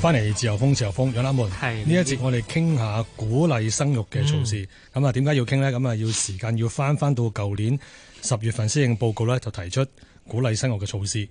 翻嚟自由風，自由風，養家門。係呢一節，我哋傾下鼓勵生育嘅措施。咁、嗯、啊，點解要傾呢？咁啊，要時間要翻翻到舊年十月份施政報告咧，就提出鼓勵生育嘅措施。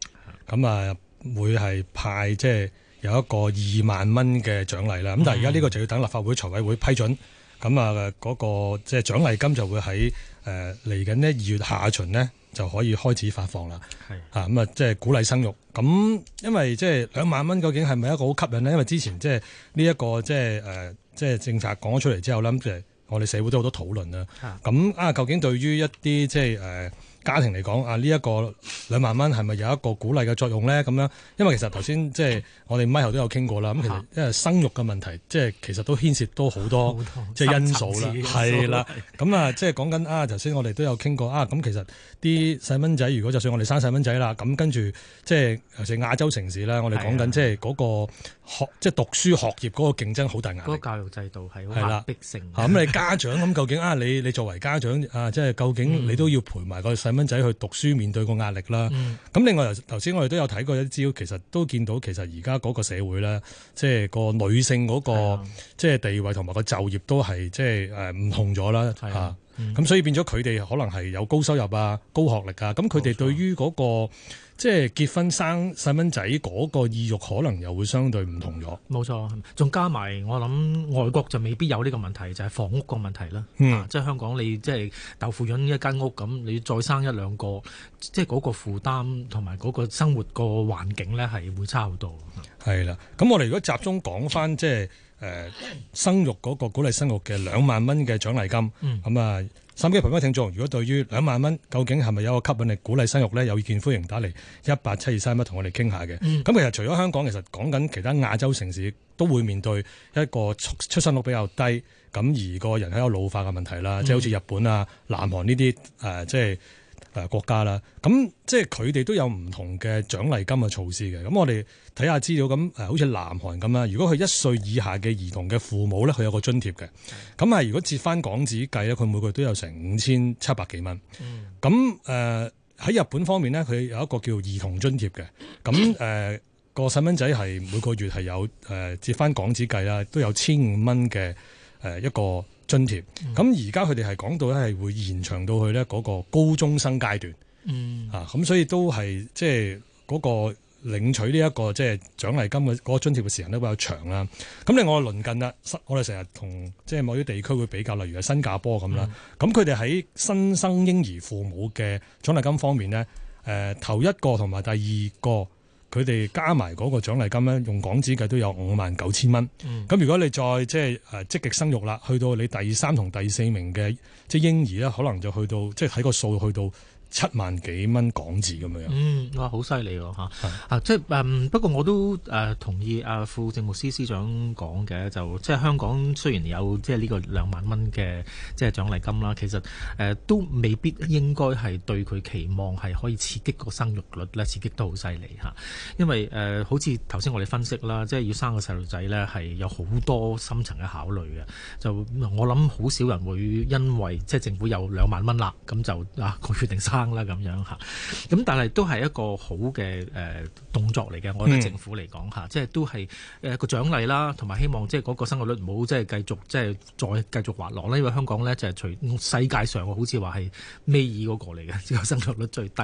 咁、嗯、啊，會係派即係、就是、有一個二萬蚊嘅獎勵啦。咁但係而家呢個就要等立法會財委會批准。咁、嗯、啊，嗰、嗯那個即係、就是、獎勵金就會喺誒嚟緊呢二月下旬呢。就可以開始發放啦，係吓，咁啊！即係鼓勵生育，咁因為即係兩萬蚊，究竟係咪一個好吸引咧？因為之前即係呢一個即係誒，即係政策講咗出嚟之後咧，即係我哋社會都好多討論啦。咁啊，究竟對於一啲即係誒家庭嚟講啊，呢、這、一個兩萬蚊係咪有一個鼓勵嘅作用咧？咁樣，因為其實頭先即係我哋咪後都有傾過啦。咁其實因為生育嘅問題，即、就、係、是、其實都牽涉到好多即係、就是、因素啦。係啦，咁、 就是、啊，即係講緊啊頭先我哋都有傾過啊。咁其實啲細蚊仔如果就算我哋生細蚊仔啦，咁跟住即係尤其亞洲城市咧，我哋講緊即係嗰個。學即係讀書學業嗰個競爭好大壓力，嗰、那個、教育制度係係啦，逼性。咁 你家長咁究竟啊？你你作為家長啊，即係究竟你都要陪埋個細蚊仔去讀書，面對個壓力啦。咁、嗯、另外頭頭先我哋都有睇過一招，其實都見到其實而家嗰個社會咧，即、就、係、是、個女性嗰個即係地位同埋個就業都係即係誒唔同咗啦。吓、嗯、咁、啊、所以變咗佢哋可能係有高收入啊、高學歷啊，咁佢哋對於嗰、那個。即係結婚生細蚊仔嗰個意欲可能又會相對唔同咗。冇錯，仲加埋我諗外國就未必有呢個問題，就係、是、房屋個問題啦、嗯啊。即係香港你即係豆腐潤一間屋咁，你再生一兩個，即係嗰個負擔同埋嗰個生活個環境呢，係會差好多。係啦，咁我哋如果集中講翻即係誒、呃、生育嗰、那個鼓勵生育嘅兩萬蚊嘅獎勵金，咁、嗯、啊。手機嘅朋友、聽眾，如果對於兩萬蚊究竟係咪有個吸引力、鼓勵生育呢？有意見歡迎打嚟一八七二三一，同我哋傾下嘅。咁其實除咗香港，其實講緊其他亞洲城市都會面對一個出生率比較低，咁而個人喺度老化嘅問題啦、嗯，即係好似日本啊、南韓呢啲誒，即係。誒國家啦，咁即係佢哋都有唔同嘅獎勵金嘅措施嘅。咁我哋睇下資料，咁誒好似南韓咁啦，如果佢一歲以下嘅兒童嘅父母咧，佢有個津貼嘅。咁係如果折翻港紙計咧，佢每個月都有成五千七百幾蚊。咁誒喺日本方面咧，佢有一個叫兒童津貼嘅。咁、嗯、誒、個細蚊仔係每個月係有誒折翻港紙計啦，都有千五蚊嘅誒一個。津貼。咁而家佢哋係講到咧，係會延長到去咧嗰個高中生階段，啊、嗯、咁所以都係即係嗰個領取呢一個即係獎勵金嘅嗰個津貼嘅時間都比較長啦。咁另外鄰近啦，我哋成日同即係某啲地區會比較，例如係新加坡咁啦。咁佢哋喺新生嬰兒父母嘅獎勵金方面咧，誒頭一個同埋第二個。佢哋加埋嗰個獎勵金咧，用港紙計都有五萬九千蚊。咁、嗯、如果你再即係誒積極生育啦，去到你第三同第四名嘅即係嬰兒咧，可能就去到即係睇個數去到。七萬幾蚊港紙咁樣樣，嗯，哇，好犀利喎吓啊，即係、誒、不過我都誒同意啊，副政務司司長講嘅，就即係香港雖然有即係呢個兩萬蚊嘅即係獎勵金啦，其實、呃、都未必應該係對佢期望係可以刺激個生育率咧，刺激得好犀利吓，因為誒、呃、好似頭先我哋分析啦，即係要生個細路仔咧係有好多深層嘅考慮嘅，就我諗好少人會因為即係政府有兩萬蚊啦，咁就啊佢決定生。啦咁樣吓，咁但係都係一個好嘅誒、呃、動作嚟嘅。我覺得政府嚟講吓，嗯、即係都係誒個獎勵啦，同埋希望即係嗰個生育率唔好即係繼續即係、即係、再繼續滑落啦。因為香港咧就係除世界上好似話係咩二個嚟嘅，個生育率最低。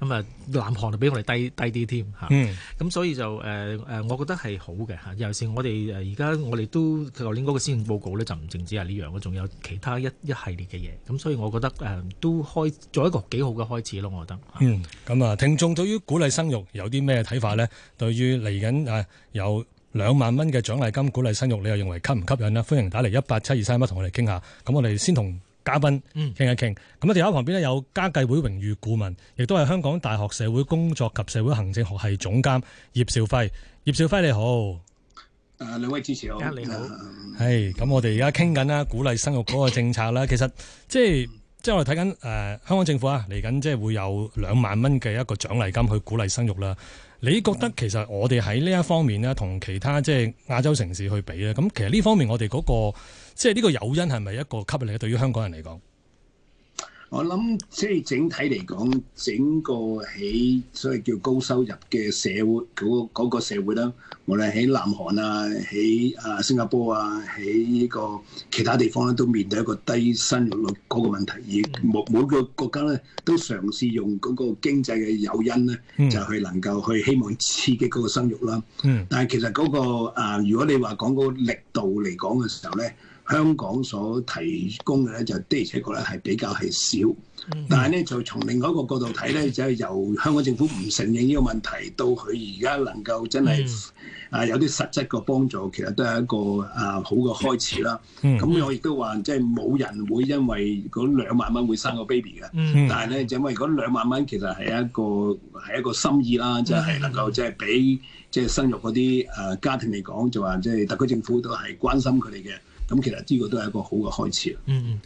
咁啊，南韓就比我哋低低啲添吓。咁所以就誒誒、呃，我覺得係好嘅吓。尤其是我哋誒而家我哋都舊年嗰個施政報告咧，就唔淨止係呢樣，仲有其他一一系列嘅嘢。咁所以我覺得誒、呃、都開做一個幾好嘅開始咯，我覺得嗯咁啊，聽眾對於鼓勵生育有啲咩睇法呢？對於嚟緊啊有兩萬蚊嘅獎勵金鼓勵生育，你又認為吸唔吸引呢？歡迎打嚟一八七二三一，同我哋傾下。咁我哋先同嘉賓聊聊嗯傾一傾。咁啊，電話旁邊呢，有家計會榮譽顧問，亦都係香港大學社會工作及社會行政學系總監葉兆輝。葉兆輝你好，誒兩位主持你好，係咁，我哋而家傾緊啦，鼓勵生育嗰個政策啦。其實即係。即係我哋睇緊誒香港政府啊，嚟緊即係會有兩萬蚊嘅一個獎勵金去鼓勵生育啦。你覺得其實我哋喺呢一方面咧，同其他即係亞洲城市去比咧，咁、嗯、其實呢方面我哋嗰、嗰個即係呢個誘因係咪一個吸引力對於香港人嚟講？我諗即係整體嚟講，整個喺所謂叫高收入嘅社會嗰、嗰個社會啦，無論喺南韓啊，喺啊新加坡啊，喺呢個其他地方咧，都面對一個低生育率嗰個問題，而每每個國家咧都嘗試用嗰個經濟嘅誘因咧，就係能夠去希望刺激嗰個生育啦。但係其實嗰、嗰個如果你話講嗰個力度嚟講嘅時候咧，香港所提供嘅咧就，的而且確咧係比較係少，嗯、但係咧就從另一個角度睇咧，就係由香港政府唔承認呢個問題，到佢而家能夠真係、嗯、啊有啲實質個幫助，其實都係一個啊好嘅開始啦。咁、嗯嗯、我亦都話，即係冇人會因為嗰兩萬蚊會生個 baby 嘅、嗯嗯，但係咧，就、因為嗰兩萬蚊其實係一個係一個心意啦，即、嗯、係、即係、能夠即係俾即係生育嗰啲誒家庭嚟講，就話即係特區政府都係關心佢哋嘅。咁其實呢個都係一個好嘅開始啦。嗯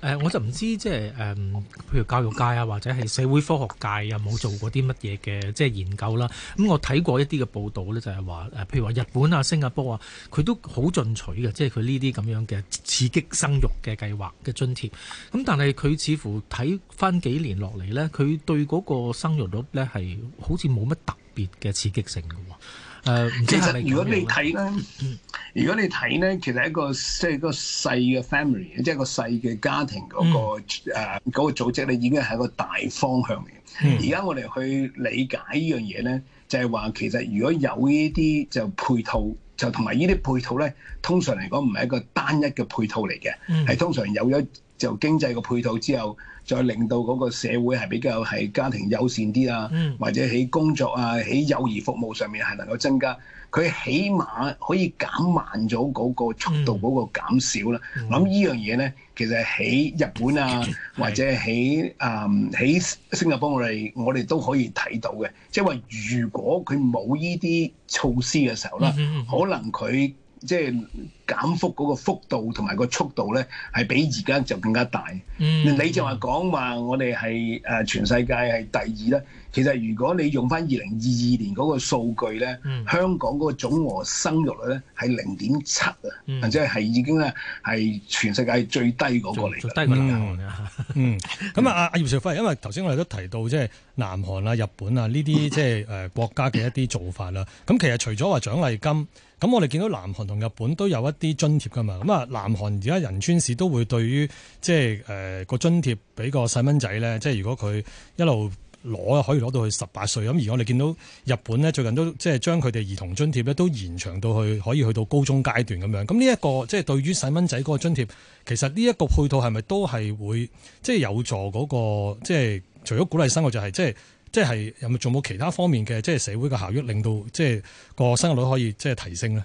嗯，誒我就唔知即係誒，譬如教育界啊，或者係社會科學界有冇做過啲乜嘢嘅即係研究啦。咁我睇過一啲嘅報道咧，就係話誒，譬如話日本啊、新加坡啊，佢都好進取嘅，即係佢呢啲咁樣嘅刺激生育嘅計劃嘅津貼。咁但係佢似乎睇翻幾年落嚟咧，佢對嗰個生育率咧係好似冇乜特別嘅刺激性嘅喎。其實如果你睇咧、嗯，如果你睇咧，如果你睇咧，其實一個即係、就是、個細嘅 family，即係個細嘅家庭嗰、嗰個誒嗰、嗯啊嗰個組織咧，已經係一個大方向嚟。而、嗯、家我哋去理解東西呢樣嘢咧，就係、是、話其實如果有呢啲就配套，就同埋呢啲配套咧，通常嚟講唔係一個單一嘅配套嚟嘅，係、嗯、通常有咗就經濟嘅配套之後。再令到嗰個社會係比較係家庭友善啲啊、嗯，或者喺工作啊，喺幼兒服務上面係能夠增加，佢起碼可以減慢咗嗰個速度嗰個減少啦、啊。諗呢樣嘢呢，其實喺日本啊，或者喺誒喺新加坡我，我哋我哋都可以睇到嘅，即係話如果佢冇呢啲措施嘅時候啦、嗯嗯，可能佢。即係減幅嗰個幅度同埋個速度咧，係比而家就更加大。嗯，你就話講話我哋係誒全世界係第二咧。其實如果你用翻二零二二年嗰個數據咧、嗯，香港嗰個總和生育率咧係零點七啊，或者係已經咧係全世界最低嗰、嗰個嚟嘅。嗯，咁、 嗯、啊，阿阿葉兆輝，因為頭先我哋都提到即係南韓啊、日本啊呢啲即係誒國家嘅一啲做法啦。咁 其實除咗話獎勵金。咁我哋見到南韓同日本都有一啲津貼㗎嘛，咁啊南韓而家仁川市都會對於即係誒個津貼俾個細蚊仔咧，即係如果佢一路攞可以攞到去十八歲，咁而我哋見到日本咧最近都即係將佢哋兒童津貼咧都延長到去可以去到高中階段咁樣，咁呢一個即係、就是、對於細蚊仔嗰個津貼，其實呢一個配套係咪都係會即係、就是、有助嗰、那個即係、就是、除咗鼓勵生活就係即係。即係有冇仲冇其他方面嘅即係社會嘅效益令到即係個生育率可以即係提升咧？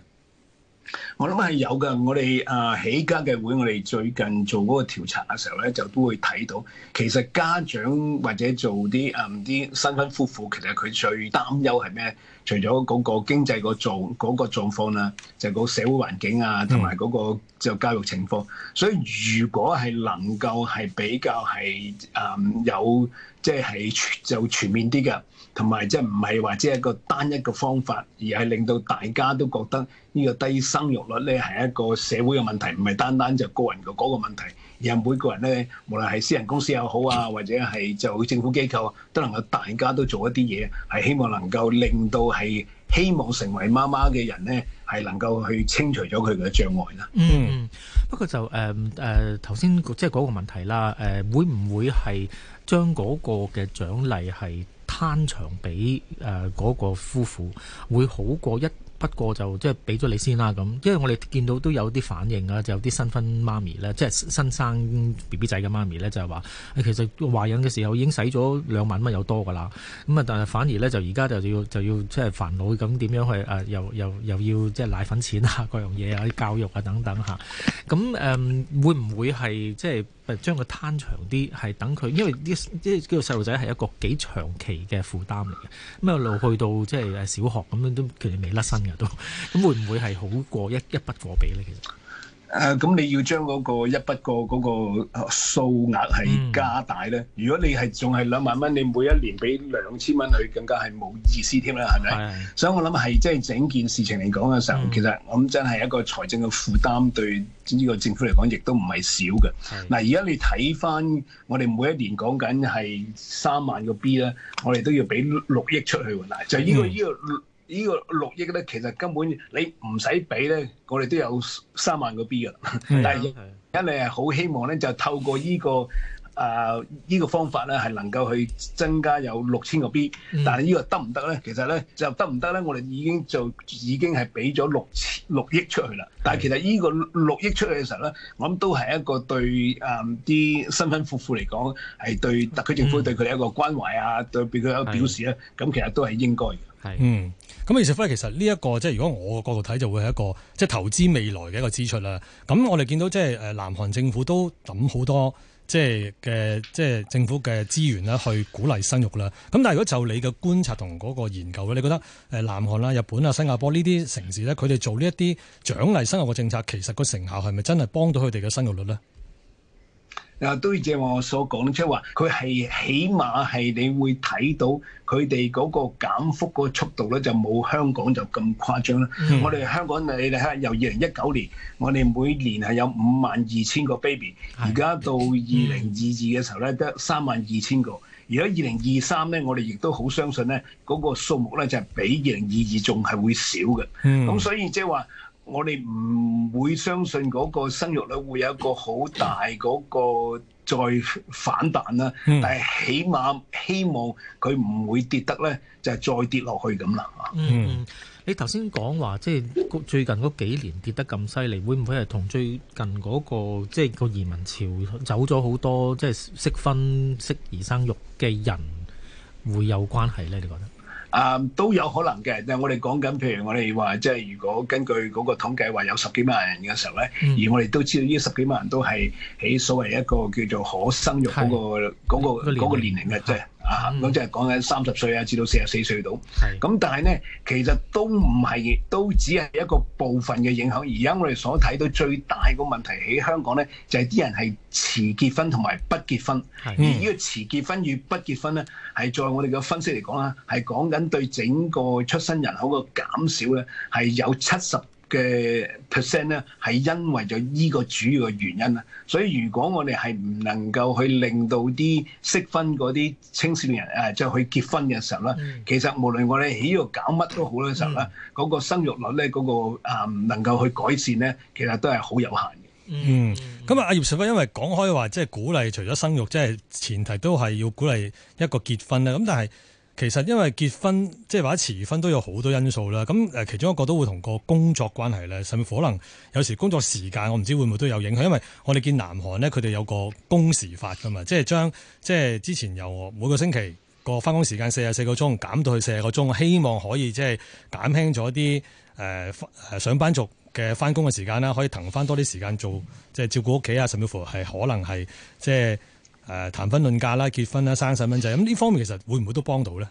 我諗係有㗎。我哋啊、呃、起家計會，我哋最近做嗰個調查嘅時候咧，就都會睇到其實家長或者做啲啊啲新婚夫婦，其實佢最擔憂係咩？除咗嗰個經濟個狀嗰個狀況啦，就係個社會環境啊，同埋嗰個就教育情況。嗯、所以如果係能夠係比較係誒、嗯、有即係、就係、就全面啲嘅，同埋即係唔係話只一個單一嘅方法，而係令到大家都覺得呢個低生育率咧係一個社會嘅問題，唔係單單就個人嘅嗰個問題。任每個人咧，無論係私人公司又好啊，或者係就政府機構，都能夠大家都做一啲嘢，係希望能夠令到係希望成為媽媽嘅人呢，係能夠去清除咗佢嘅障礙啦。嗯，不過就誒誒頭先即係嗰個問題啦，誒、呃、會唔會係將嗰個嘅獎勵係攤長俾誒嗰個夫婦，會好過一？不過就即係俾咗你先啦咁。因為我哋見到都有啲反應啊，就有啲新婚媽咪咧，即係新生 BB 仔嘅媽咪咧，就係話，其實懷孕嘅時候已經使咗兩萬蚊有多噶啦，咁啊，但係反而咧就而家就要就要即係煩惱咁點樣去誒，又又又要即係奶粉錢啊，各樣嘢啊，啲教育啊等等嚇，咁誒會唔會係即係？將佢攤長啲，係等佢，因為啲即係叫細路仔係一個幾長期嘅負擔嚟嘅。咁啊，路去到即係小學咁樣都佢哋未甩身嘅都，咁會唔會係好過一一筆過俾咧？其實。誒、啊、咁你要將嗰個一筆個嗰個數額係加大咧、嗯？如果你係仲係兩萬蚊，你每一年俾兩千蚊去，更加係冇意思添啦，係咪？所以我諗係即係整件事情嚟講嘅時候、嗯，其實我諗真係一個財政嘅負擔對呢個政府嚟講，亦都唔係少嘅。嗱、啊，而家你睇翻我哋每一年講緊係三萬個 B 咧，我哋都要俾六億出去喎。嗱、啊，就呢個呢個。嗯。這個、億呢個六億咧，其實根本你唔使俾咧，我哋都有三萬個 B 㗎。但係因為係好希望咧，就透過呢、這個啊依、呃這個方法咧，係能夠去增加有六千個 B、嗯。但係呢個得唔得咧？其實咧就得唔得咧？我哋已經就已經係俾咗六六億出去啦。但係其實呢個六億出去嘅時候咧，我諗都係一個對啊啲新婚夫婦嚟講係對特區政府對佢哋一個關懷啊，嗯、對俾佢哋一個表示咧，咁、啊、其實都係應該嘅。係嗯。咁而其實其實呢一個即係如果我個角度睇，就會係一個即係投資未來嘅一個支出啦。咁我哋見到即係誒南韓政府都抌好多即係嘅即係政府嘅資源啦，去鼓勵生育啦。咁但係如果就你嘅觀察同嗰個研究咧，你覺得誒南韓啦、日本啊、新加坡呢啲城市咧，佢哋做呢一啲獎勵生育嘅政策，其實個成效係咪真係幫到佢哋嘅生育率咧？啊，都正如我所講，即係話，佢、就、係、是、起碼係你會睇到佢哋嗰個減幅嗰個速度咧，就冇香港就咁誇張啦。Mm. 我哋香港你睇下，由二零一九年，我哋每年係有五萬二千個 baby，而家到二零二二嘅時候咧，得三萬二千個。Mm. 而喺二零二三咧，我哋亦都好相信咧，嗰個數目咧就係、是、比二零二二仲係會少嘅。咁、mm. 所以即係話。我哋唔會相信嗰個生育率會有一個好大嗰個再反彈啦、嗯，但係起碼希望佢唔會跌得咧，就係再跌落去咁啦。嗯，你頭先講話即係最近嗰幾年跌得咁犀利，會唔會係同最近嗰、嗰個即係個移民潮走咗好多即係適婚適兒生育嘅人會有關係咧？你覺得？啊、um，都有可能嘅。但係我哋講緊，譬如我哋話，即係如果根據嗰個統計話有十幾萬人嘅時候咧、嗯，而我哋都知道呢十幾萬人都係喺所謂一個叫做可生育嗰、嗰個嗰嗰、嗰個嗰個、年齡嘅啫。嗰個啊，咁即係講緊三十歲啊，至到四十四歲到。係，咁、嗯、但係咧，其實都唔係，亦都只係一個部分嘅影響。而家我哋所睇到最大個問題喺香港咧，就係、是、啲人係遲結婚同埋不結婚。係，而呢個遲結婚與不結婚咧，係在我哋嘅分析嚟講啊，係講緊對整個出生人口嘅減少咧，係有七十嘅 percent 咧，係因為咗依個主要嘅原因啦。所以如果我哋係唔能夠去令到啲適婚嗰啲青少年，誒即係去結婚嘅時候咧、嗯，其實無論我哋喺度搞乜都好咧時候咧，嗰、嗯嗰個生育率咧、那、嗰個唔、啊、能夠去改善咧，其實都係好有限嘅。嗯，咁啊，阿葉兆輝，因為講開話即係鼓勵，除咗生育，即係前提都係要鼓勵一個結婚咧。咁但係。其實因為結婚，即係或者遲婚都有好多因素啦。咁誒，其中一個都會同個工作關係咧，甚至乎可能有時工作時間，我唔知會唔會都有影響。因為我哋見南韓呢，佢哋有個工時法噶嘛，即係將即係之前由每個星期個翻工時間四十四個鐘減到去四十個鐘，希望可以即係減輕咗啲誒誒上班族嘅翻工嘅時間啦，可以騰翻多啲時間做即係照顧屋企啊，甚至乎係可能係即係。誒、呃，談婚論嫁啦，結婚啦，生細蚊仔，咁呢方面，其實會唔會都幫到咧？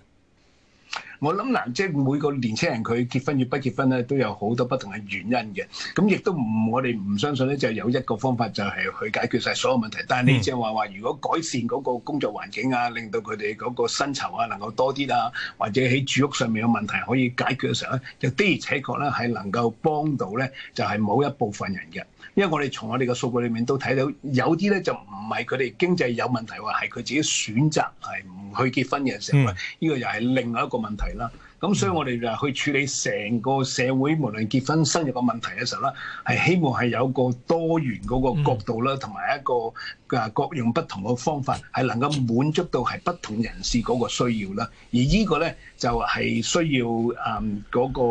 我諗嗱，即係每個年青人，佢結婚與不結婚咧，都有好多不同嘅原因嘅。咁亦都唔，我哋唔相信咧，就有一個方法就係去解決晒所有問題。但係你即係話，如果改善嗰個工作環境啊，令到佢哋嗰個薪酬啊能夠多啲啊，或者喺住屋上面嘅問題可以解決嘅時候咧、啊，就的而且確咧係能夠幫到咧，就係某一部分人嘅。因為我哋從我哋嘅數據裡面都睇到，有啲呢就唔係佢哋經濟有問題，話係佢自己選擇係唔去結婚嘅時候呢、嗯呢個又係另外一個問題啦。咁所以，我哋就去處理成個社會，無論結婚、生育個問題嘅時候啦，係希望係有個多元嗰個角度啦，同埋一個誒各樣不同嘅方法，係能夠滿足到係不同人士嗰個需要啦。而呢個呢個咧就係、是、需要誒嗰、嗯嗰個，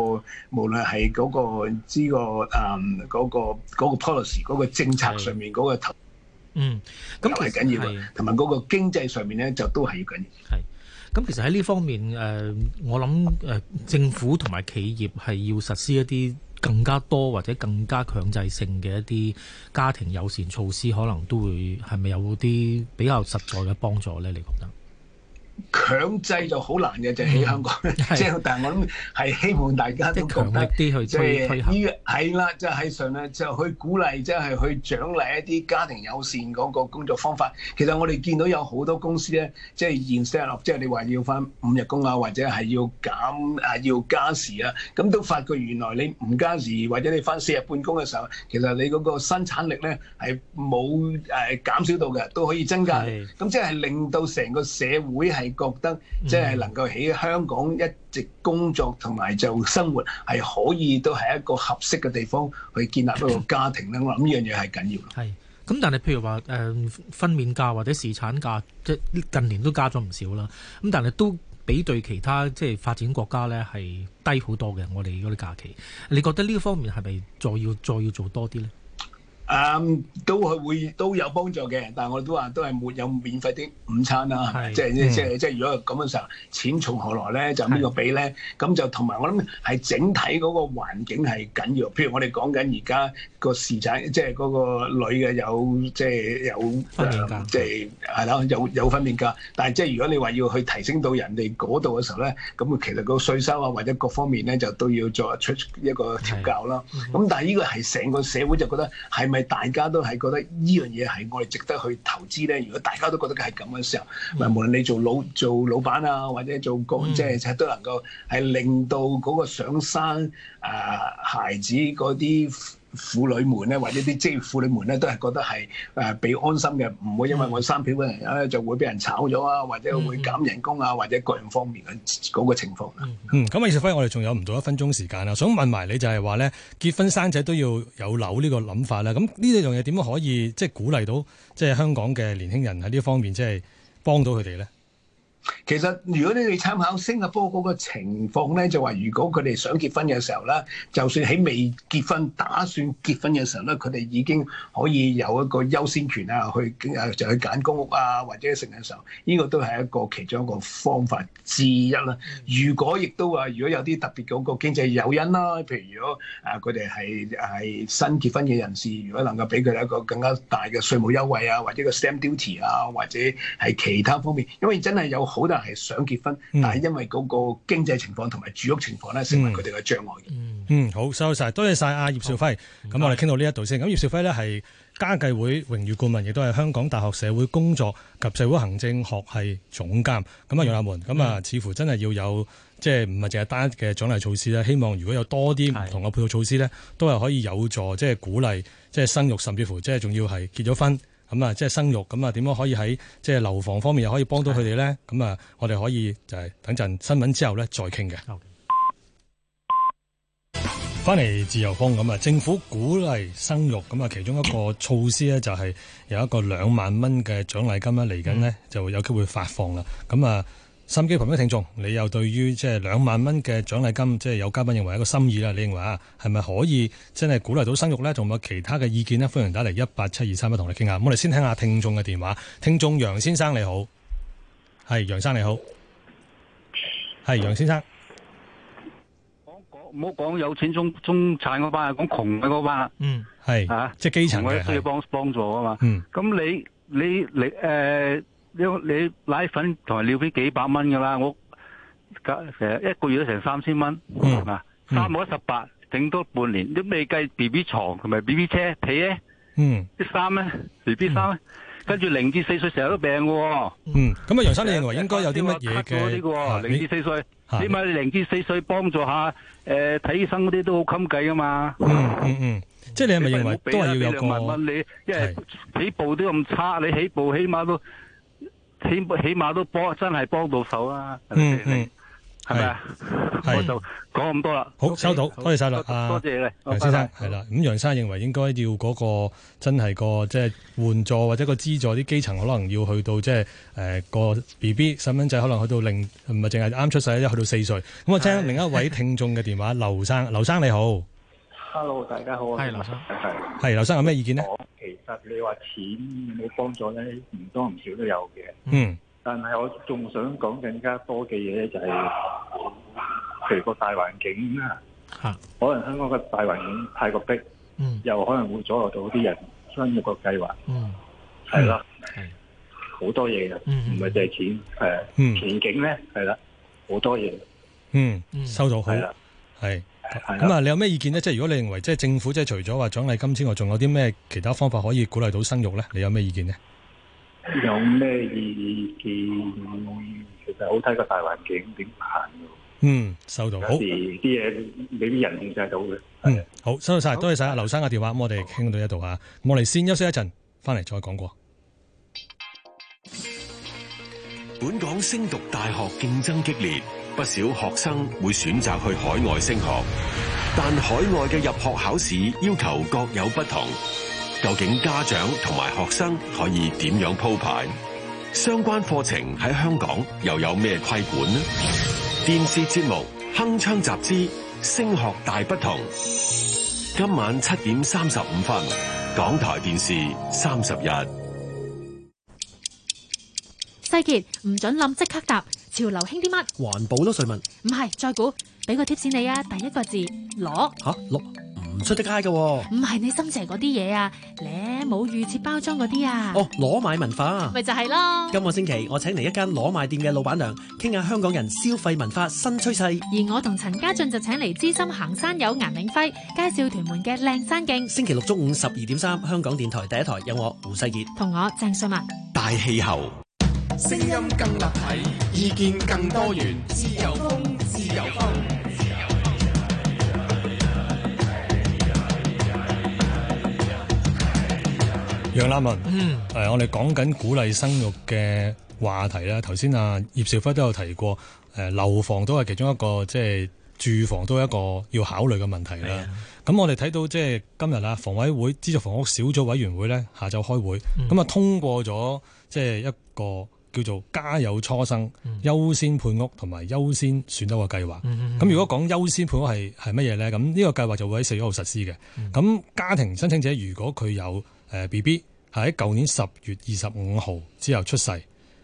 無論係嗰、嗰個呢個誒嗰個嗰個 policy 嗰個政策上面嗰個投，嗯，咁係緊要嘅，同埋嗰個經濟上面咧就都係要緊要的。咁其實喺呢方面，誒我諗誒政府同埋企業係要實施一啲更加多或者更加強制性嘅一啲家庭友善措施，可能都會係咪有啲比較實在嘅幫助呢？你覺得？強制就好難嘅，就喺香港。即、嗯、係，但係我諗係希望大家都得強得啲去推推行。係啦，即係喺上咧，就係呢個，就係、就去鼓勵，即係去獎勵一啲家庭友善嗰個工作方法。其實我哋見到有好多公司咧，即係 instead of，即係你話要返五日工啊，或者係要減啊，要加時啊，咁都發覺原來你唔加時，或者你返四日半工嘅時候，其實你嗰個生產力咧係冇誒減少到嘅，都可以增加。咁即係令到成個社會係。係覺得即係能夠喺香港一直工作同埋就生活係可以都係一個合適嘅地方去建立一個家庭咧。我諗呢樣嘢係緊要。係咁，但係譬如話分娩假或者侍產假，即近年都加咗唔少啦。咁但係都比對其他即係發展國家咧係低好多嘅。我哋嗰啲假期，你覺得呢個方面係咪再要再要做多啲咧？誒、嗯、都係會都有幫助嘅，但係我哋都話都係沒有免費啲午餐啦。即係、嗯、即係即係如果咁嘅時候，錢從何來咧？就邊個俾咧？咁就同埋我諗係整體嗰個環境係緊要。譬如我哋講緊而家個侍產，即係嗰個女嘅有即係有、嗯、即係係啦，有有分別㗎，但係即係如果你話要去提升到人哋嗰度嘅時候咧，咁其實個稅收啊或者各方面咧就都要作出一個調教啦。咁、嗯、但係呢個係成個社會就覺得係咪？大家都係覺得呢樣嘢係我哋值得去投資咧。如果大家都覺得係咁嘅時候，嗯、無論你做老做老闆啊，或者做工即係，嗯、都能夠係令到嗰個想生啊、呃、孩子嗰啲。婦女們呢，或者啲職業婦女們呢，都係覺得係誒比安心嘅，唔會因為我生票嘅人咧就會俾人炒咗啊，或者會減人工啊，或者各樣方面嘅嗰、那個情況嗯，咁啊，葉少輝，我哋仲有唔到一分鐘時間啦，想問埋你就係話呢結婚生仔都要有樓呢個諗法啦。咁呢一樣嘢點樣可以即係鼓勵到即係香港嘅年輕人喺呢方面即係幫到佢哋咧？其實，如果你哋參考新加坡嗰個情況咧，就話如果佢哋想結婚嘅時候咧，就算喺未結婚、打算結婚嘅時候咧，佢哋已經可以有一個優先權啊，去就去揀公屋啊，或者成日時候，呢個都係一個其中一個方法之一啦。如果亦都話，如果有啲特別嗰個經濟誘因啦，譬如如果啊，佢哋係係新結婚嘅人士，如果能夠俾佢一個更加大嘅稅務優惠啊，或者個 Stamp Duty 啊，或者係其他方面，因為真係有。好多人係想結婚，但係因為嗰個經濟情況同埋住屋情況咧、嗯，成為佢哋嘅障礙嘅。嗯，好，收息，多謝晒阿葉兆輝。咁、哦、我哋傾到呢一度先。咁葉兆輝咧係家計會榮譽顧問，亦都係香港大學社會工作及社會行政學系總監。咁、嗯、啊，楊立門，咁啊，似乎真係要有、嗯、即係唔係淨係單一嘅獎勵措施咧？希望如果有多啲唔同嘅配套措施呢都係可以有助即係鼓勵即係生育，甚至乎即係仲要係結咗婚。咁啊，即係生育，咁啊，點樣可以喺即係樓房方面又可以幫到佢哋咧？咁啊，我哋可以就係等陣新聞之後咧再傾嘅。翻、okay. 嚟自由風，咁啊，政府鼓勵生育，咁啊，其中一個措施咧就係有一個兩萬蚊嘅獎勵金啊，嚟緊呢就有機會發放啦。咁、嗯、啊。心機旁啲聽眾，你又對於即係兩萬蚊嘅獎勵金，即係有嘉賓認為一個心意啦。你認為啊，係咪可以真係鼓勵到生育呢？仲有，有其他嘅意見呢？歡迎打嚟一八七二三一，同你傾下。我哋先聽下聽眾嘅電話。聽眾楊先生你好，係楊生你好，係楊先生。講講唔好講有錢中中產嗰班，講窮嘅嗰班。嗯，係啊，即係基層嘅需要幫幫助啊嘛。嗯，咁你你你誒？呃你奶粉同埋尿片幾百蚊噶啦，我一個月都成三千蚊，嗯，三六一十八，頂多半年。都未計 B B 床同埋 B B 車被呢？嗯，啲衫咧 B B 衫咧，跟住零至四歲成日都病嘅。嗯，咁、嗯、啊，葉生，你認為應該有啲乜嘢嘅？呢、這個零至四歲，起碼你零至四歲幫助下，誒、呃，睇醫生嗰啲都好襟計噶嘛。嗯嗯嗯，即係你係咪認為都係要兩萬蚊。你因為、啊、起步都咁差，你起步起碼都，都。起碼都幫，真係幫到手啦。嗯嗯，係咪啊？ 我就講咁多啦。好，okay, 收到，多謝晒，啊，多謝你，楊先生。係啦，咁楊生認為應該要嗰，嗰個真係，嗰個即係援助或者個資助啲基層，可能要去到即係誒個 B B 細蚊仔，可能去到零唔係，淨係啱出世，一去到四歲。咁我聽另一位聽眾嘅電話，劉 生，劉生你好。Hello，大家好。係劉生。係。係劉生有咩意見呢？你話錢有冇幫助咧？唔多唔少都有嘅。嗯。但係我仲想講更加多嘅嘢咧，就係譬如個大環境吓、啊。可能香港個大環境太過逼，嗯。又可能會阻礙到啲人參與個計劃。嗯。係咯。係。好多嘢嘅。唔係淨係錢，嗯、呃。前景咧係啦，好多嘢。嗯嗯。收到係啦，係。是的咁啊，你有咩意見呢？即係如果你認為即係政府即係除咗話獎勵金之外，仲有啲咩其他方法可以鼓勵到生育咧？你有咩意見呢？有咩意見？其實好睇個大環境點行。嗯，收到。時好時啲嘢未必人控制到嘅。嗯，好，收到晒，多謝晒阿劉生嘅電話，咁我哋傾到呢一度吓，我哋先休息一陣，翻嚟再講過。本港升讀大學競爭激烈。不少學生會選擇去海外升學，但海外嘅入學考試要求各有不同。究竟家長同埋學生可以點樣鋪排？相關課程喺香港又有咩規管呢？電視節目《鏗鏘集之》升學大不同，今晚七點三十五分，港台電視三十一。世杰，唔准諗，即刻答。潮流興啲乜？環保咯，萃雯。唔係，再估，俾個貼士你啊！第一個字，攞吓，攞唔出得街㗎喎。唔係你心邪嗰啲嘢啊，咧冇預設包裝嗰啲啊。哦，裸買文化，咪就係咯。今個星期我請嚟一間裸買店嘅老闆娘，傾下香港人消費文化新趨勢。而我同陳家俊就請嚟資深行山友顏永輝，介紹屯門嘅靚山徑。星期六中午十二點三，香港電台第一台，有我胡世杰，同我鄭萃雯，大氣候。聲音更立體，意見更多元，自由風，自由風，楊立文，嗯，誒、呃，我哋講緊鼓勵生育嘅話題啦。頭先啊，葉兆輝都有提過，誒、呃，樓房都係其中一個，即係住房都係一個要考慮嘅問題啦。咁我哋睇到即係今日啦，房委會資助房屋小組委員會咧，下晝開會，咁、嗯、啊通過咗即係一個。叫做家有初生，優先配屋同埋優先選樓嘅計劃。咁、嗯嗯嗯、如果講優先配屋係，係乜嘢呢？咁呢個計劃就會喺四月一號實施嘅。咁、嗯、家庭申請者如果佢有誒 B B 係喺舊年十月二十五號之後出世，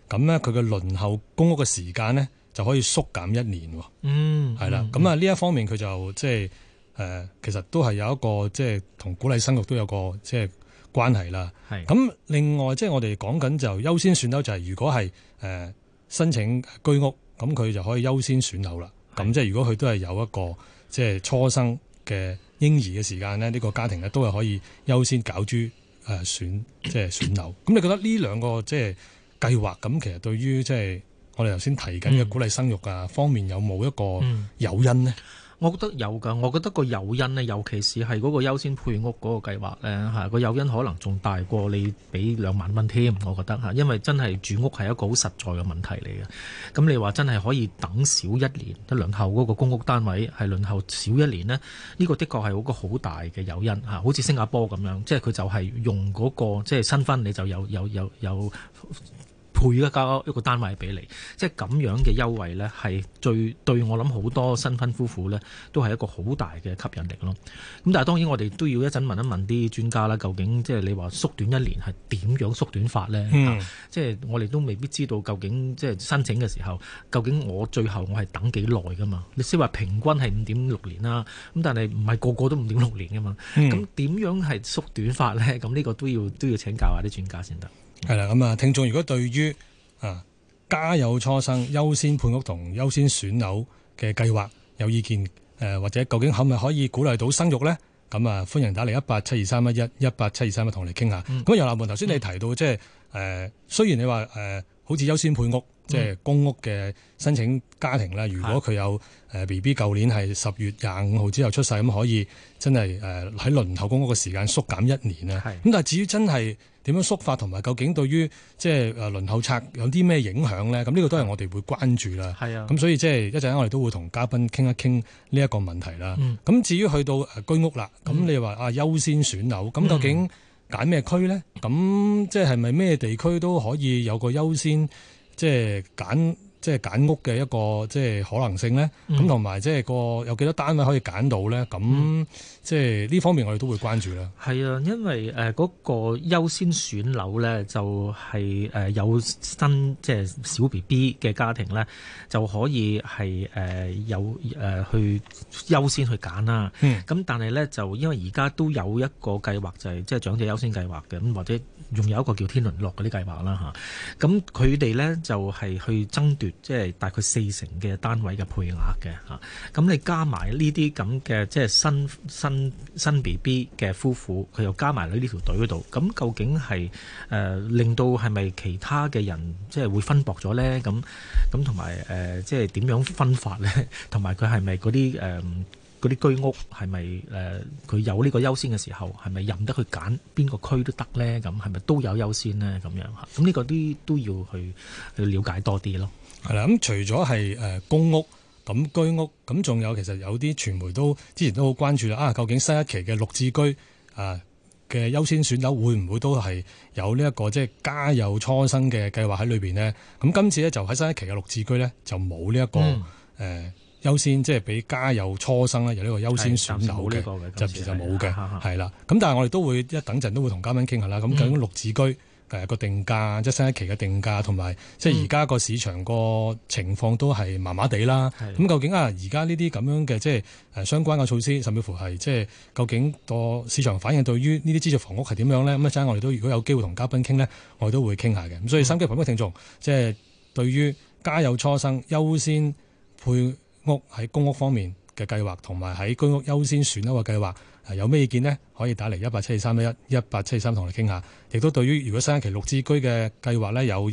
咁呢佢嘅輪候公屋嘅時間呢，就可以縮減一年。嗯，係、嗯、啦。咁啊呢一方面佢就即係誒，其實都係有一個即係同鼓勵生育都有一個即係。就是關係啦，咁另外即係、就是、我哋講緊就優先選樓就係如果係、呃、申請居屋，咁佢就可以優先選樓啦。咁即係如果佢都係有一個即係、就是、初生嘅嬰兒嘅時間咧，呢、這個家庭咧都係可以優先搞住誒、呃、選即係、就是、選樓。咁咳咳你覺得呢兩個即係、就是、計劃咁其實對於即係、就是、我哋頭先提緊嘅鼓勵生育啊方面有冇一個誘因呢？嗯嗯我覺得有㗎，我覺得個誘因呢，尤其是係嗰個優先配屋嗰個計劃咧，嚇個誘因可能仲大過你俾兩萬蚊添，我覺得因為真係住屋係一個好實在嘅問題嚟嘅。咁你話真係可以等少一年，輪候嗰個公屋單位係輪候少一年呢？呢、呢個的確係好個好大嘅誘因，好似新加坡咁樣，即係佢就係用嗰、嗰個即係新婚你就有有有有。有有配一間一個單位俾你，即係咁樣嘅優惠呢，係最對我諗好多新婚夫婦呢，都係一個好大嘅吸引力咯。咁但係當然我哋都要一陣問一問啲專家啦，究竟即係你話縮短一年係點樣縮短法呢？嗯、即係我哋都未必知道究竟即係申請嘅時候，究竟我最後我係等幾耐噶嘛？你先話平均係五點六年啦，咁但係唔係個個都五點六年噶嘛？咁、嗯、點樣係縮短法呢？咁呢個都要都要請教一下啲專家先得。係啦，咁啊，聽眾如果對於啊家有初生優先配屋同優先選樓嘅計劃有意見，誒或者究竟可唔可以鼓勵到生育呢？咁啊，歡迎打嚟一八七二三一一一八七二三一同你傾下。咁楊立門頭先你提到，即係誒，雖然你話誒，好似優先配屋，即係公屋嘅申請家庭咧，如果佢有誒 B B 舊年係十月廿五號之後出世，咁可以真係誒喺輪候公屋嘅時間縮減一年啊。咁但係至於真係。點樣縮法？同埋究竟對於即係輪候冊有啲咩影響咧？咁呢個都係我哋會關注啦。係啊，咁所以即係一陣間我哋都會同嘉賓傾一傾呢一個問題啦。咁、嗯、至於去到居屋啦，咁、嗯、你話啊優先選樓，咁究竟揀咩區咧？咁即係係咪咩地區都可以有個優先？即係揀。即係揀屋嘅一個即係可能性。咧，咁同埋即係個有幾多單位可以揀到咧？咁、嗯、即係呢方面我哋都會關注啦。係啊，因為誒、呃那個優先選樓咧，就係、是、誒、呃、有新即係、就是、小 B B 嘅家庭咧，就可以係誒、呃、有誒、呃、去優先去揀啦、啊。咁、嗯、但係咧，就因為而家都有一個計劃，就係即係長者優先計劃嘅咁，或者用有一個叫天倫樂啲計劃啦吓，咁佢哋咧就係、是、去爭奪。即係大概四成嘅單位嘅配額嘅吓，咁你加埋呢啲咁嘅即係新新新 B B 嘅夫婦，佢又加埋喺呢條隊嗰度，咁究竟係誒、呃、令到係咪其他嘅人即係會分薄咗咧？咁咁同埋誒即係點樣分法咧？同埋佢係咪嗰啲誒啲居屋係咪誒佢有呢個優先嘅時候，係咪任得佢揀邊個區都得咧？咁係咪都有優先咧？咁樣吓，咁呢個啲都都要去去了解多啲咯。係啦，咁除咗係誒公屋、咁居屋，咁仲有其實有啲傳媒都之前都好關注啦。啊，究竟新一期嘅綠置居啊嘅優先選樓會唔會都係有呢、這、一個即係家有初生嘅計劃喺裏邊呢。咁今次咧就喺新一期嘅綠置居咧就冇呢一個誒、嗯呃、優先，即係俾家有初生啦，有呢個優先選樓嘅，就其實冇嘅，係啦。咁但係我哋都會一等陣都會同嘉賓傾下啦。咁究竟綠置居，嗯誒個定價，即係新一期嘅定價，同埋即係而家個市場個情況都係麻麻地啦。咁、嗯、究竟啊，而家呢啲咁樣嘅即係相關嘅措施，甚至乎係即係究竟個市場反應對於呢啲資助房屋係點樣咧？咁啊，真係我哋都如果有機會同嘉賓傾咧，我哋都會傾下嘅。咁所以心機盤嘅聽眾，即、嗯、係、就是、對於家有初生，優先配屋喺公屋方面嘅計劃，同埋喺居屋優先選屋嘅計劃。有咩意見呢？可以打嚟一八七二三一一一八七二三同我哋傾下。亦都對於如果新一期綠置居嘅計劃呢，有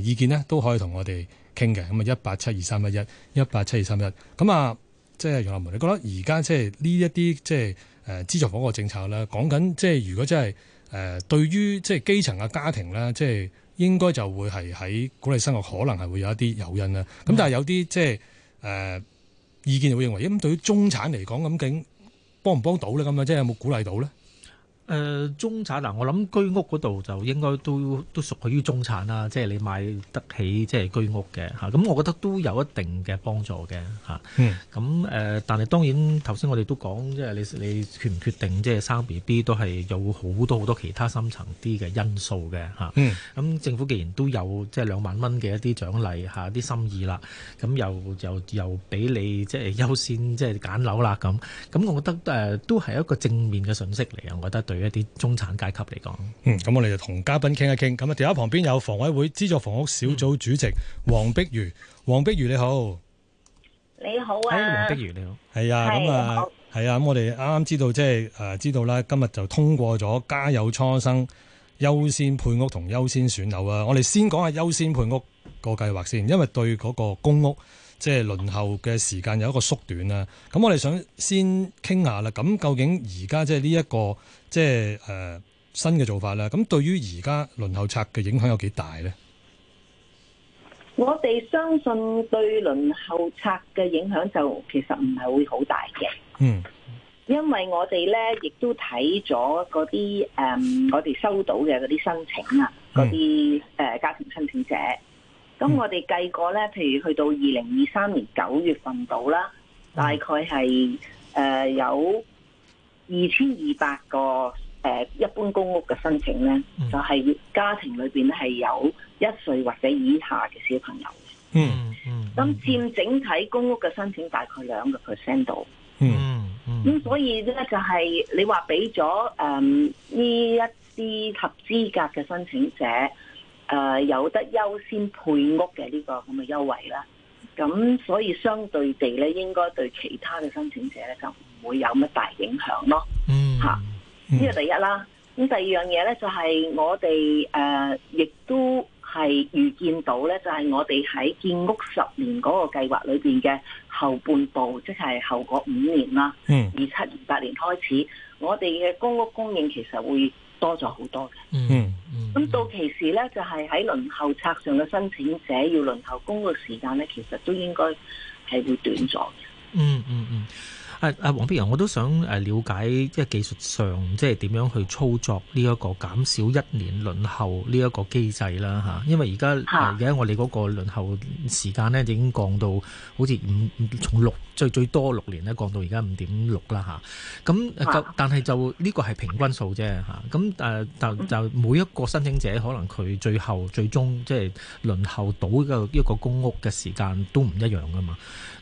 意見呢都可以同我哋傾嘅。咁啊，一八七二三一一一八七二三一。咁啊，即係楊立門，你覺得而家即係呢一啲即係資助房屋政策呢？講緊即係如果真係誒對於即係基層嘅家庭呢，即、就、係、是、應該就會係喺鼓勵生活，可能係會有一啲誘因啦。咁、嗯、但係有啲即係誒意見就會認為，咁對於中產嚟講，咁竟？幫唔幫到咧？噉樣，即係有冇鼓勵到咧？誒、呃、中產嗱、啊，我諗居屋嗰度就應該都都屬於中產啦、啊，即、就、係、是、你買得起即係、就是、居屋嘅咁，啊、我覺得都有一定嘅幫助嘅咁，誒，但係當然頭先我哋都講，即、就、係、是、你你決唔決定即係、就是、生 B B 都係有好多好多其他深層啲嘅因素嘅咁、啊嗯、政府既然都有即係兩萬蚊嘅一啲獎勵嚇、啲、啊、心意啦，咁、啊、又又又俾你即係、就是、優先即係揀樓啦咁。咁、就是、我覺得、呃、都係一個正面嘅訊息嚟啊，我覺得對，一啲中產階級嚟講，嗯，咁我哋就同嘉賓傾一傾。咁啊，電話旁邊有房委會資助房屋小組主席黃碧如。黃、嗯、碧如、碧如你好，你好啊，黃、哎、碧如你好，係啊，咁、嗯、啊，係啊。咁我哋啱啱知道，即係誒，知道啦。今日就通過咗家有初生優先配屋同優先選樓啊。我哋先講下優先配屋個計劃先，因為對嗰個公屋即係輪候嘅時間有一個縮短啊。咁我哋想先傾下啦。咁究竟而家即係呢一個？即係誒、呃、新嘅做法啦，咁對於而家輪候冊嘅影響有幾大咧？我哋相信對輪候冊嘅影響就其實唔係會好大嘅。嗯，因為我哋咧亦都睇咗嗰啲誒，我、嗯、哋收到嘅嗰啲申請啊，嗰啲誒家庭申請者，咁我哋計過咧，譬如去到二零二三年九月份到啦，大概係誒、嗯呃、有。二千二百個誒、呃，一般公屋嘅申請咧，就係、是、家庭裏邊咧係有一歲或者以下嘅小朋友。嗯嗯，咁佔整體公屋嘅申請大概兩個 percent 度。嗯嗯，咁所以咧就係、是、你話俾咗誒呢一啲合資格嘅申請者誒、呃、有得優先配屋嘅呢個咁嘅優惠啦。咁所以相對地咧，應該對其他嘅申請者咧就會有乜大影響咯。嗯，吓、嗯，呢，啊，呢個第一啦。咁第二樣嘢咧，就係我哋誒，亦都係預見到咧，就係我哋喺建屋十年嗰個計劃裏邊嘅後半部，即係後嗰五年啦。嗯，二七二八年開始，我哋嘅公屋供應其實會多咗好多嘅。嗯嗯。咁到期時咧，就係喺輪候冊上嘅申請者要輪候公嘅時間咧，其實都應該係會短咗嘅。嗯嗯嗯。嗯啊啊，啊黃碧如，我都想、啊、了解即係技術上即係點樣去操作呢一個減少一年輪候呢一個機制啦、啊、因為而家而家我哋嗰個輪候時間咧，已經降到好似五從六最最多六年咧，降到而家五點六啦嚇，咁、啊啊、但係就呢個係平均數啫嚇，咁、啊、但就每一個申請者可能佢最後最終即係輪候到一個一個公屋嘅時間都唔一樣噶嘛。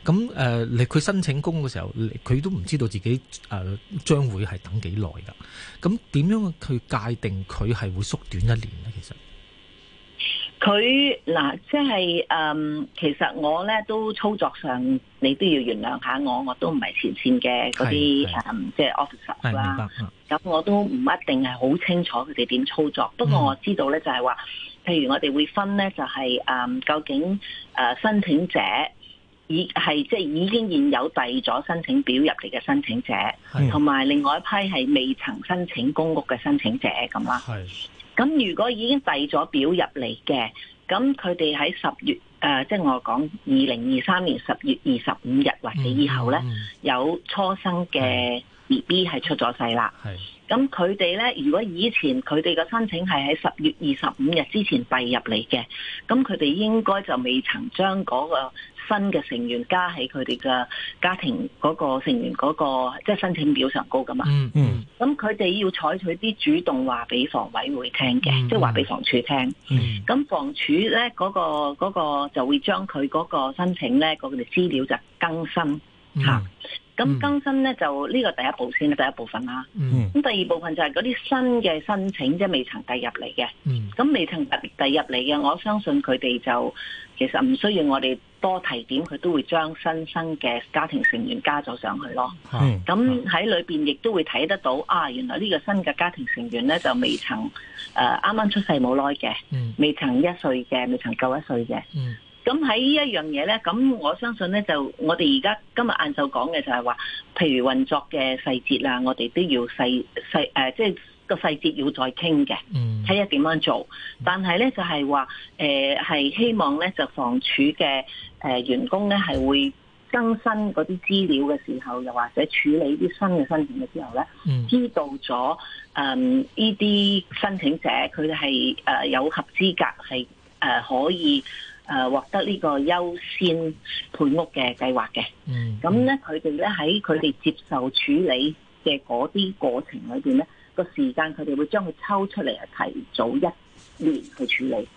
咁誒，你、呃、佢申請工嘅時候，佢都唔知道自己誒、呃、將會係等幾耐㗎。咁點樣去界定佢係會縮短一年呢？其實佢嗱，即係誒、嗯，其實我咧都操作上，你都要原諒下我，我都唔係前線嘅嗰啲即係 office 啦。明白，咁我都唔一定係好清楚佢哋點操作，不過我知道咧就係話、嗯，譬如我哋會分咧，就係、是、誒、嗯，究竟誒、呃、申請者。已係即係已經現有遞咗申請表入嚟嘅申請者，同埋另外一批係未曾申請公屋嘅申請者咁啦。係咁，如果已經遞咗表入嚟嘅，咁佢哋喺十月誒、呃，即係我講二零二三年十月二十五日或者以後咧、嗯嗯，有初生嘅 B B 係出咗世啦。係咁，佢哋咧，如果以前佢哋嘅申請係喺十月二十五日之前遞入嚟嘅，咁佢哋應該就未曾將嗰、嗰個。新嘅成員加喺佢哋嘅家庭嗰個成員嗰、嗰個，即、就、係、是、申請表上高噶嘛？嗯，咁佢哋要採取啲主動話俾房委會聽嘅，即係話俾房署聽。咁、Mm-hmm. 房署咧嗰、嗰個嗰、嗰個就會將佢嗰個申請咧、嗰個哋資料就更新吓。Mm-hmm. 啊咁更新咧、嗯、就呢個第一步先啦，第一部分啦。咁、嗯、第二部分就係嗰啲新嘅申請，即、就、係、是、未曾遞入嚟嘅。咁、嗯、未曾遞入遞入嚟嘅，我相信佢哋就其實唔需要我哋多提點，佢都會將新生嘅家庭成員加咗上去咯。咁、嗯、喺裏邊亦都會睇得到啊，原來呢個新嘅家庭成員咧就未曾誒啱啱出世冇耐嘅，未曾一歲嘅，未曾夠一歲嘅。嗯咁喺呢一樣嘢咧，咁我相信咧，就我哋而家今日晏晝講嘅就係話，譬如運作嘅細節啦，我哋都要細細誒，即係個細節要再傾嘅，睇下點樣做。但係咧就係話誒，係希望咧就房署嘅誒、呃呃、員工咧係會更新嗰啲資料嘅時候，又或者處理啲新嘅申請嘅時候咧，知道咗呢啲申請者佢係、呃、有合資格係、呃、可以，誒、呃、獲得呢個優先配屋嘅計劃嘅，咁咧佢哋咧喺佢哋接受處理嘅嗰啲過程裏面呢，咧，個時間佢哋會將佢抽出嚟啊、嗯嗯嗯，提早一年去處理。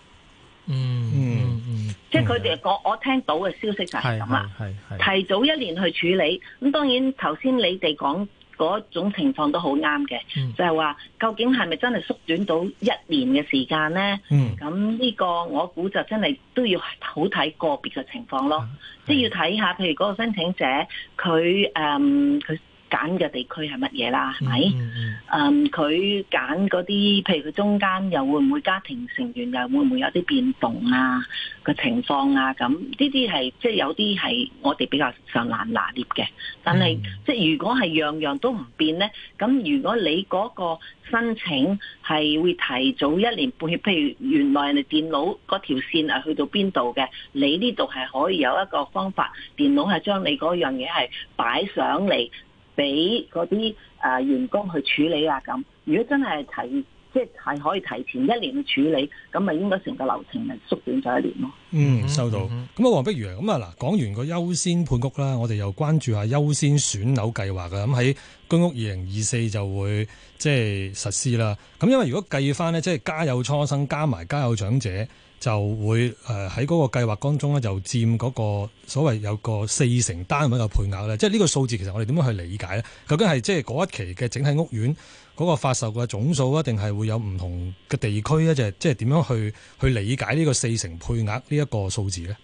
嗯嗯嗯，即係佢哋個我聽到嘅消息就係咁啦，係係提早一年去處理。咁當然頭先你哋講，嗰種情況都好啱嘅，就係、係、話究竟係咪真係縮短到一年嘅時間呢？咁、嗯、呢個我估就真係都要好睇個別嘅情況咯，即、嗯、係、就係、要睇下譬如嗰個申請者佢誒佢，揀嘅地區係乜嘢啦？係咪？嗯，嗯，佢揀嗰啲，譬如佢中間又會唔會家庭成員又會唔會有啲變動啊？個情況啊，咁呢啲係即係有啲係我哋比較上難拿捏嘅。但係即係如果係樣樣都唔變呢，咁如果你嗰個申請係會提早一年半，譬如原來人哋電腦嗰條線係去到邊度嘅，你呢度係可以有一個方法，電腦係將你嗰樣嘢係擺上嚟。俾嗰啲誒員工去處理啊咁，如果真係提即係係可以提前一年去處理，咁咪應該成個流程咪縮短咗一年咯。嗯，收到。咁、嗯、啊、嗯，黃碧如啊，咁啊嗱，講完個優先判屋啦，我哋又關注下優先選樓計劃嘅咁喺居屋二零二四就會即係實施啦。咁因為如果計翻呢，即係家有初生加埋家有長者。就會誒喺嗰個計劃當中咧，就佔嗰個所謂有個四成單位嘅配額咧。即係呢個數字其實我哋點樣去理解咧？究竟係即係嗰一期嘅整體屋苑嗰個發售嘅總數啊，定係會有唔同嘅地區咧？就係即係點樣去去理解呢個四成配額呢一個數字咧？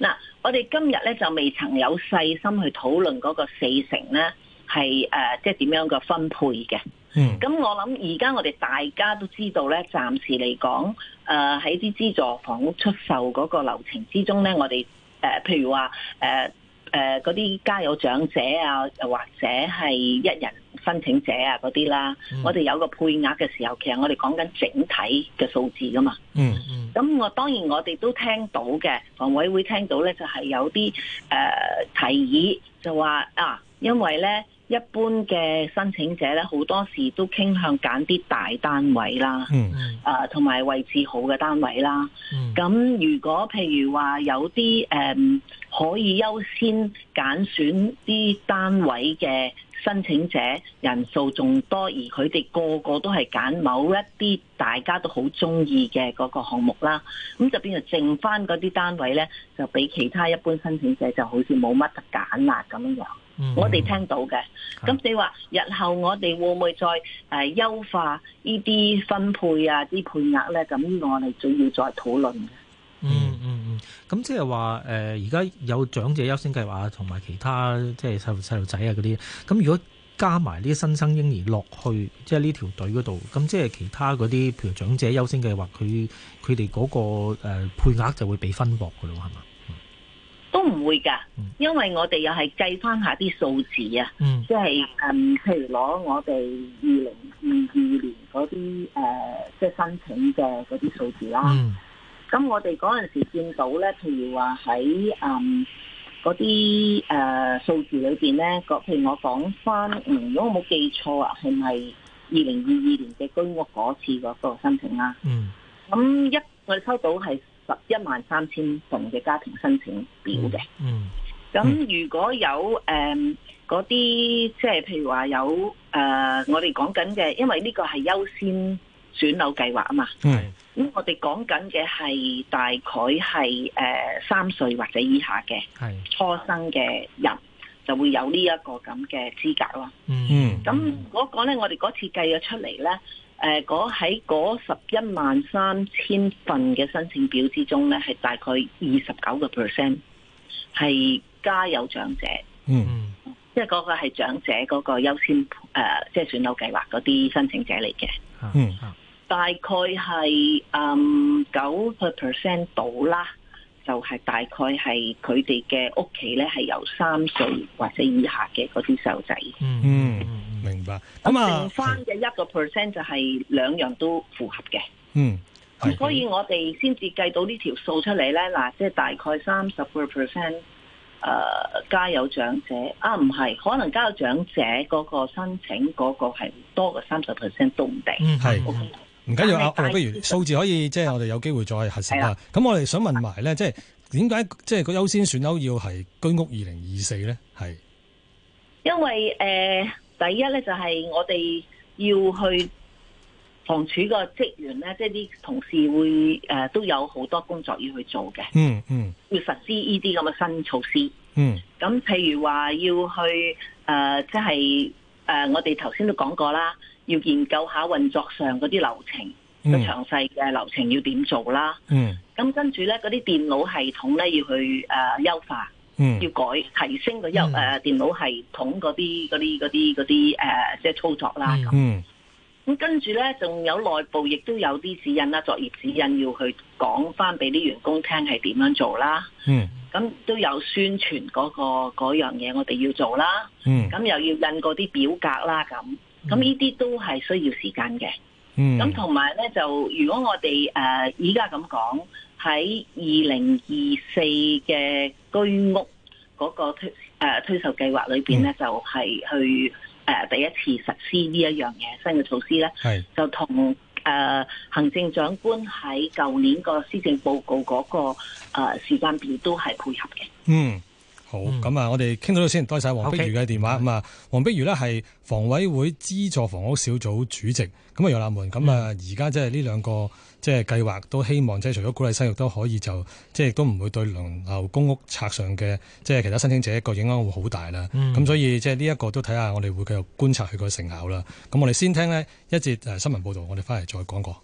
嗱，我哋今日咧就未曾有細心去討論嗰個四成呢係誒即係點樣嘅分配嘅。咁、嗯、我諗而家我哋大家都知道咧，暫時嚟講，誒喺啲資助房屋出售嗰個流程之中咧，我哋誒、呃、譬如話誒誒嗰啲家有長者啊，又或者係一人申請者啊嗰啲啦，嗯、我哋有個配額嘅時候，其實我哋講緊整體嘅數字㗎嘛。嗯嗯。咁我當然我哋都聽到嘅，房委會聽到咧，就係、是、有啲誒、呃、提議就，就話啊，因為咧。一般嘅申請者咧，好多時都傾向揀啲大單位啦，嗯、呃、同埋位置好嘅單位啦。嗯、咁如果譬如話有啲、呃、可以優先揀選啲單位嘅。申請者人數仲多，而佢哋個個都係揀某一啲大家都好中意嘅嗰個項目啦。咁就變成剩翻嗰啲單位咧，就俾其他一般申請者就好似冇乜得揀啦咁樣。我哋聽到嘅，咁你話日後我哋會唔會再誒、呃、優化呢啲分配啊啲配額咧？咁呢個我哋仲要再討論。嗯嗯。咁、嗯、即係話誒，而、呃、家有長者優先計劃同埋其他即係細細路仔啊嗰啲，咁如果加埋啲新生嬰兒落去，即係呢條隊嗰度，咁即係其他嗰啲，譬如長者優先計劃，佢佢哋嗰個誒、呃、配額就會俾分薄噶咯，係嘛？都唔會噶、嗯，因為我哋又係計翻下啲數字啊，即、嗯、係、就是、嗯，譬如攞我哋二零二二年嗰啲誒，即、呃、係、就是、申請嘅嗰啲數字啦、啊。嗯咁我哋嗰陣時見到咧，譬如話喺嗯嗰啲誒數字裏邊咧，個譬如我講翻、嗯，如果我冇記錯啊，係咪二零二二年嘅居屋嗰次嗰、嗰個申請啦？嗯，咁一我哋收到係十一萬三千份嘅家庭申請表嘅。嗯、咁、嗯、如果有誒嗰啲，即、嗯、係譬如話有誒、呃、我哋講緊嘅，因為呢個係優先。選樓計劃啊嘛，嗯，咁我哋講緊嘅係大概係誒三歲或者以下嘅，係初生嘅人就會有這這、mm-hmm. 那那呢一個咁嘅資格咯，嗯，咁嗰個咧我哋嗰次計咗出嚟咧，誒，喺嗰十一萬三千份嘅申請表之中咧，係大概二十九個 percent 係家有長者，嗯，即係嗰個係長者嗰個優先誒，即、呃、係、就是、選樓計劃嗰啲申請者嚟嘅，嗯、mm-hmm.。大概係嗯九 percent 到啦，就係、是、大概係佢哋嘅屋企咧係由三歲或者以下嘅嗰啲細路仔。嗯，明白。咁、嗯、剩翻嘅一個 percent 就係兩樣都符合嘅。嗯的，所以我哋先至計到呢條數出嚟咧，嗱，即係大概三十個 percent 誒，家有長者啊，唔係，可能家有長者嗰個申請嗰個係多過三十 percent 都唔定。嗯，係。唔緊要啊！不如數字可以是，即係我哋有機會再核實下。咁我哋想問埋咧，即係，點解即係個優先選樓要係居屋二零二四咧？係因為誒、呃，第一咧就係我哋要去房署個職員咧，即係啲同事會誒、呃、都有好多工作要去做嘅。嗯嗯，要實施呢啲咁嘅新措施。嗯，咁譬如話要去誒，即係誒，我哋頭先都講過啦。要研究下運作上嗰啲流程，個詳細嘅流程要點做啦。咁、嗯、跟住咧，嗰啲電腦系統咧要去誒優、呃、化、嗯，要改提升、個優誒、嗯呃、電腦系統嗰啲啲啲啲誒即係操作啦。咁、嗯、咁跟住咧，仲有內部亦都有啲指引啦，作業指引要去講翻俾啲員工聽係點樣做啦。咁、嗯、都有宣傳嗰、嗰個嗰樣嘢，我哋要做啦。咁、嗯、又要印嗰啲表格啦，咁。咁呢啲都係需要時間嘅。咁同埋咧，就如果我哋誒依家咁講，喺二零二四嘅居屋嗰個推誒、呃、推售計劃裏面咧、嗯，就係、是、去誒、呃、第一次實施呢一樣嘢新嘅措施咧，就同誒、呃、行政長官喺舊年個施政報告嗰、那個誒、呃、時間表都係配合嘅。嗯。咁啊！嗯、我哋傾到呢先，多謝黃碧如嘅電話。咁啊，黃碧如呢係房委會資助房屋小組主席。咁、嗯、啊，楊立門咁啊，而家即係呢兩個即係計劃，都希望即係，除咗鼓勵生育，都可以就即係，亦都唔會對輪流公屋拆上嘅即係其他申請者個影響會好大啦。咁、嗯、所以即係呢一個都睇下，我哋會繼續觀察佢個成效啦。咁我哋先聽呢一節誒新聞報道，我哋翻嚟再講過。